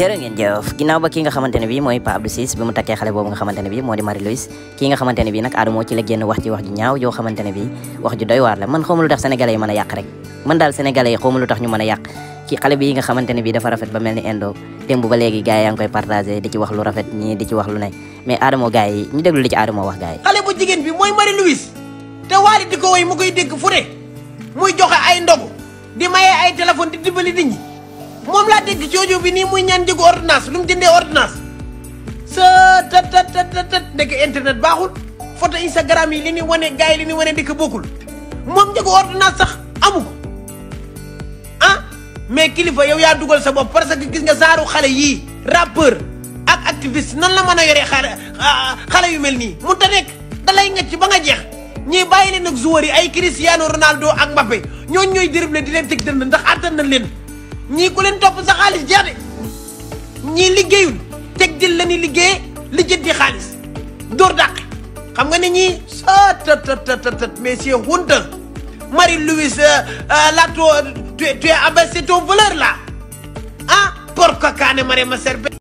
jërë ngeen jëf ginnaaw ba ki nga xamante ne bi mooy Pa Abdou Ciss bi mu takkee xale boobu nga xamante ne bi moo di Marie Louise ki nga xamante bi nag Adamo ci la génn wax lu a a yàq rafet ba mel ni indo démb ba léegi gars yaa ngi koy partagé di ci wax lu rafet ñii di ci wax lu ne mais Adamo gars yi ñu déglu li ci Adamo wax gars yi xale bu jigéen bi mooy Marie Louise te waali di ko woy mu koy dégg fu ne muy joxe ay ndogu di maye ay téléphone di dimbali nit ñi moom laa dégg coojo bi nii muy ñaan njëgu ordonnance lu mu jëndee ordonnance sa ta tat tat tat ndeke internet baaxul photo Instagram yi li ñuy wane gars yi li ñuy wane ndeke bokkul moom njëgu ordonnance sax amu ko ah mais kilifa yow yaa dugal sa bopp parce que gis nga saaru xale yii rappeur ak activiste nan la mën a yoree xale ah, xale yu mel nii mun ta nekk dalay ngacc ba nga jeex ñii bàyyi leen ak joueurs yi ay Cristiano Ronaldo ak Mbappé ñooñu ñooy dribble di leen teg dënd ndax attan nañ leen ñii ku leen topp sa xaalis jeex de ñii liggéeyul teg dil la ni liggéey li jëndi xaalis dóor dàq xam nga ne ñii sa tat tat tat mais c'est honte Marie-Louise euh, euh, là tu tu es abaissé ton voleur là ah pourquoi kaane mare ma serbe